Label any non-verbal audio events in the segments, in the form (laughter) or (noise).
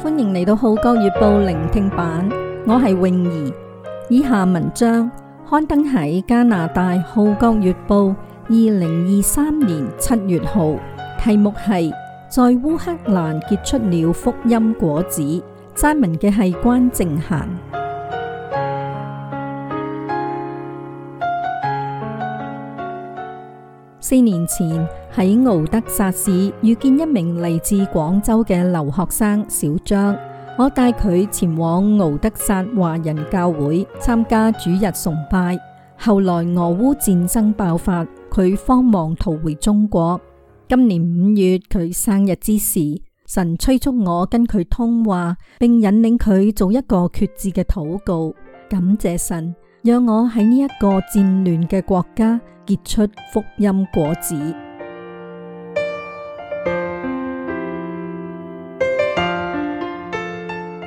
歡迎嚟到《浩角月報》聆聽版，我係泳儀。以下文章刊登喺加拿大《浩角月報》二零二三年七月號，題目係《在烏克蘭結出了福音果子》，撰文嘅係關靜嫻。四年前喺敖德薩市遇見一名嚟自廣州嘅留學生小張，我帶佢前往敖德薩華人教會參加主日崇拜。後來俄烏戰爭爆發，佢慌忙逃回中國。今年五月佢生日之時，神催促我跟佢通話，並引領佢做一個決志嘅禱告。感謝神。讓我喺呢一個戰亂嘅國家結出福音果子。 (music)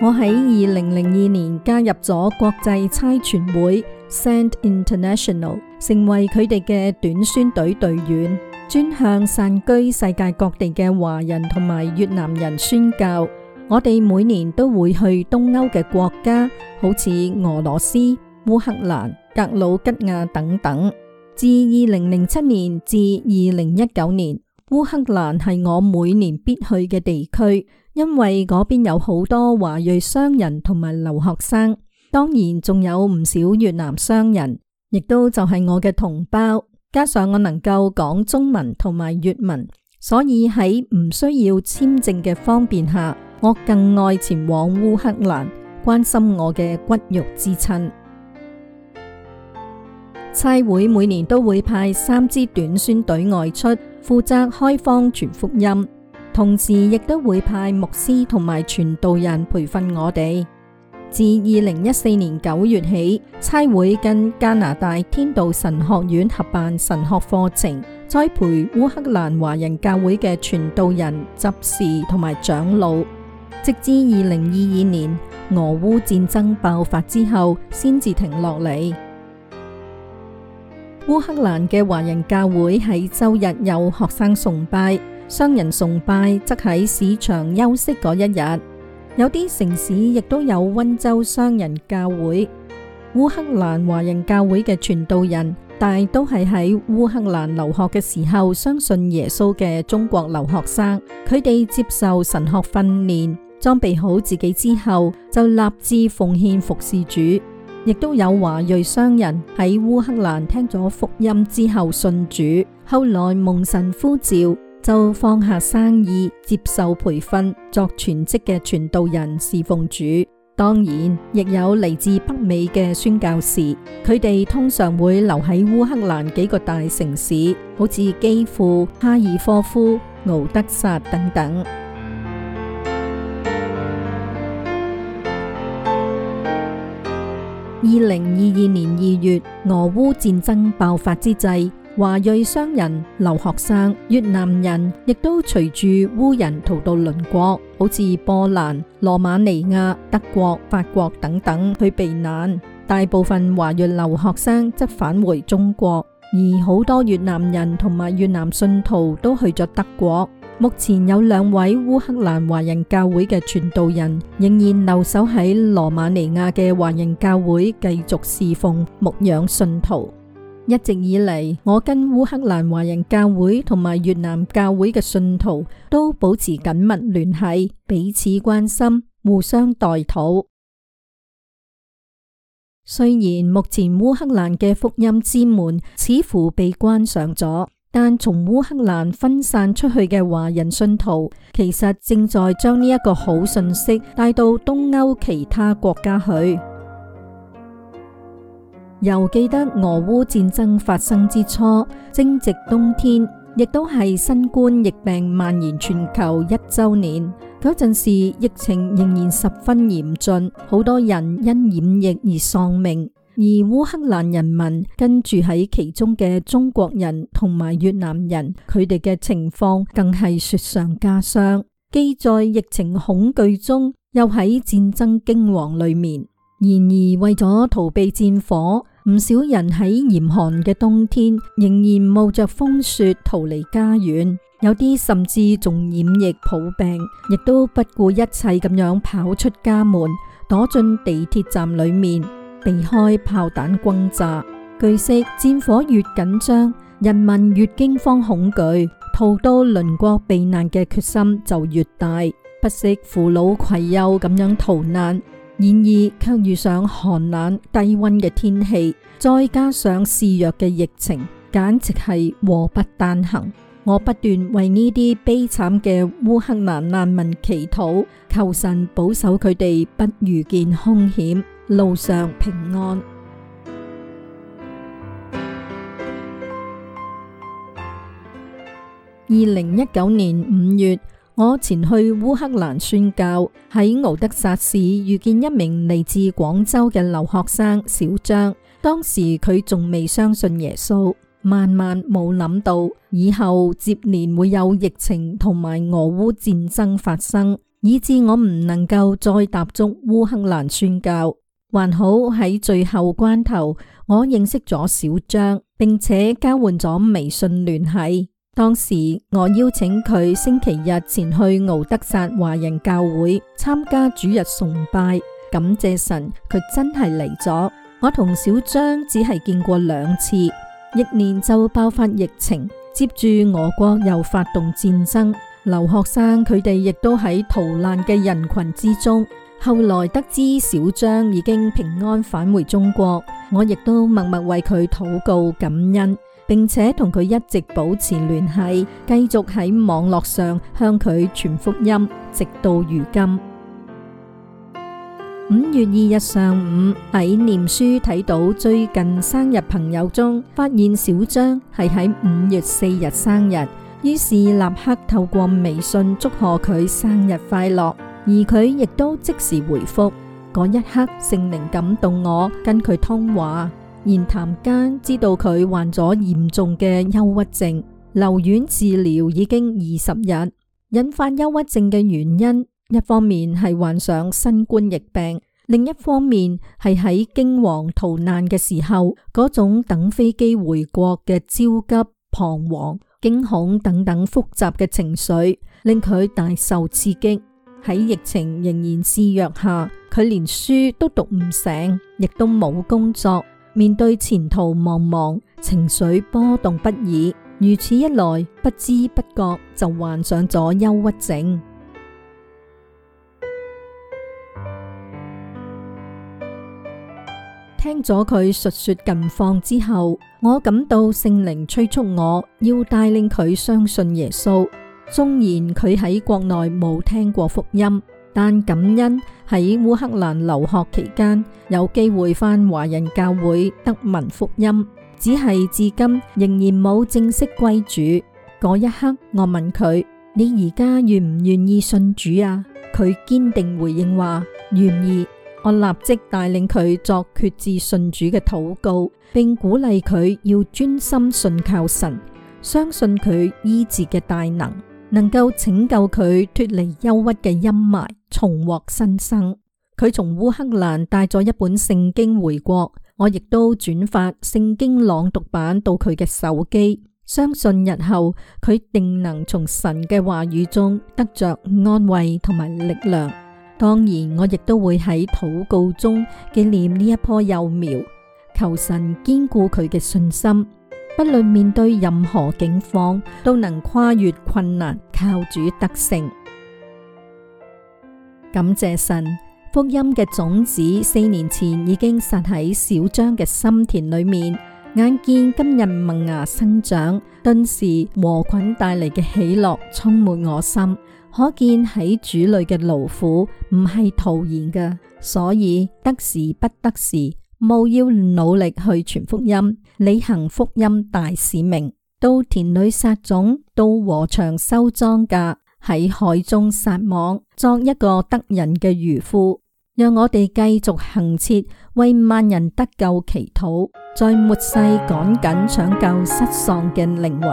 我喺二零零二年加入咗國際差傳會 （Send International），成為佢哋嘅短宣隊隊員，專向散居世界各地嘅華人同埋越南人宣教。我哋每年都會去東歐嘅國家，好似俄羅斯、烏克蘭、格魯吉亞等等，自二零零七年至二零一九年，烏克蘭係我每年必去嘅地區，因為嗰邊有好多華裔商人同埋留學生，當然仲有唔少越南商人，亦都就係我嘅同胞。加上我能夠講中文同埋越文，所以喺唔需要簽證嘅方便下，我更愛前往烏克蘭，關心我嘅骨肉之親。差會每年都會派三支短宣隊外出，負責開荒傳福音，同時亦都會派牧師同埋傳道人培訓我哋。自二零一四年九月起，差會跟加拿大天道神學院合辦神學課程，栽培烏克蘭華人教會嘅傳道人、執事同埋長老，直至二零二二年俄烏戰爭爆發之後，先至停落嚟。烏克蘭嘅華人教會喺周日有學生崇拜，商人崇拜則喺市場休息嗰一日。有啲城市亦都有温州商人教會。烏克蘭華人教會嘅傳道人，大都係喺烏克蘭留學嘅時候相信耶穌嘅中國留學生，佢哋接受神學訓練，裝備好自己之後，就立志奉獻服侍主。亦都有華裔商人喺烏克蘭聽咗福音之後信主，後來蒙神呼召，就放下生意，接受培訓，作全職嘅傳道人侍奉主。當然，亦有嚟自北美嘅宣教士，佢哋通常會留喺烏克蘭幾個大城市，好似基輔、哈爾科夫、敖德薩等等。二零二二年二月，俄烏戰爭爆發之際，華裔商人、留學生、越南人亦都隨住烏人逃到鄰國，好似波蘭、羅馬尼亞、德國、法國等等去避難。大部分華裔留學生則返回中國，而好多越南人同埋越南信徒都去咗德國。目前有兩位烏克蘭華人教會嘅傳道人仍然留守喺羅馬尼亞嘅華人教會繼續侍奉牧養信徒。一直以嚟，我跟烏克蘭華人教會同埋越南教會嘅信徒都保持緊密聯繫，彼此關心，互相代禱。雖然目前烏克蘭嘅福音之門似乎被關上咗。但從烏克蘭分散出去嘅華人信徒，其實正在將呢一個好信息帶到東歐其他國家去。又記得俄烏戰爭發生之初，正值冬天，亦都係新冠疫病蔓延全球一周年。嗰陣時，疫情仍然十分嚴峻，好多人因染疫而喪命。而烏克蘭人民跟住喺其中嘅中國人同埋越南人，佢哋嘅情況更係雪上加霜。既在疫情恐懼中，又喺戰爭驚惶裏面。然而，為咗逃避戰火，唔少人喺嚴寒嘅冬天仍然冒着風雪逃離家園，有啲甚至仲染疫抱病，亦都不顧一切咁樣跑出家門，躲進地鐵站裏面。避開炮彈轟炸。據悉，戰火越緊張，人民越驚慌恐懼，逃到鄰國避難嘅決心就越大，不惜扶老携幼咁樣逃難。然而，卻遇上寒冷低温嘅天氣，再加上肆虐嘅疫情，簡直係禍不單行。我不斷為呢啲悲慘嘅烏克蘭難民祈禱，求神保守佢哋不遇見凶險。路上平安。二零一九年五月，我前去烏克蘭宣教，喺敖德薩市遇見一名嚟自廣州嘅留學生小張。當時佢仲未相信耶穌，萬萬冇諗到以後接連會有疫情同埋俄烏戰爭發生，以致我唔能夠再踏足烏克蘭宣教。還好喺最後關頭，我認識咗小張，並且交換咗微信聯繫。當時我邀請佢星期日前去敖德薩華人教會參加主日崇拜，感謝神，佢真係嚟咗。我同小張只係見過兩次，翌年就爆發疫情，接住俄國又發動戰爭，留學生佢哋亦都喺逃難嘅人群之中。後來得知小張已經平安返回中國，我亦都默默為佢禱告感恩，並且同佢一直保持聯繫，繼續喺網絡上向佢傳福音，直到如今。五月二日上午，喺念書睇到最近生日朋友中，發現小張係喺五月四日生日，於是立刻透過微信祝賀佢生日快樂。月5月4而佢亦都即時回覆嗰一刻聖靈感動我跟佢通話，言談間知道佢患咗嚴重嘅憂鬱症，留院治療已經二十日。引發憂鬱症嘅原因，一方面係患上新冠疫病，另一方面係喺驚惶逃難嘅時候，嗰種等飛機回國嘅焦急、彷徨、驚恐等等複雜嘅情緒，令佢大受刺激。喺疫情仍然肆虐下，佢連書都讀唔成，亦都冇工作，面對前途茫茫，情緒波動不已。如此一來，不知不覺就患上咗憂鬱症。聽咗佢述說近況之後，我感到聖靈催促我要帶領佢相信耶穌。縱然佢喺國內冇聽過福音，但感恩喺烏克蘭留學期間有機會返華人教會得聞福音，只係至今仍然冇正式歸主。嗰一刻，我問佢：你而家願唔願意信主啊？佢堅定回應話：願意。我立即帶領佢作決志信主嘅禱告，並鼓勵佢要專心信靠神，相信佢醫治嘅大能。能夠拯救佢脫離憂鬱嘅陰霾，重獲新生。佢從烏克蘭帶咗一本聖經回國，我亦都轉發聖經朗讀版到佢嘅手機。相信日後佢定能從神嘅話語中得着安慰同埋力量。當然，我亦都會喺禱告中紀念呢一棵幼苗，求神堅固佢嘅信心。不論面對任何境況，都能跨越困難，靠主得勝。感謝神，福音嘅種子四年前已經撒喺小張嘅心田裏面，眼見今日萌芽生長，頓時禾捆帶嚟嘅喜樂充滿我心。可見喺主裏嘅勞苦唔係徒然嘅，所以得時不得時。務要努力去傳福音，履行福音大使命，到田裏撒種，到禾場收莊稼，喺海中撒網，作一個得人嘅漁夫。讓我哋繼續行切，為萬人得救祈禱，在末世趕緊搶救失喪嘅靈魂。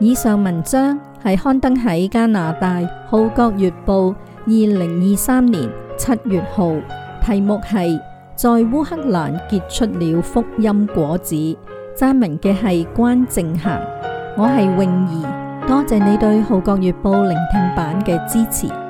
以上文章。係刊登喺加拿大《號角月報》二零二三年七月號，題目係在烏克蘭結出了福音果子。撰文嘅係關正嫻，我係泳儀，多謝你對《號角月報》聆聽版嘅支持。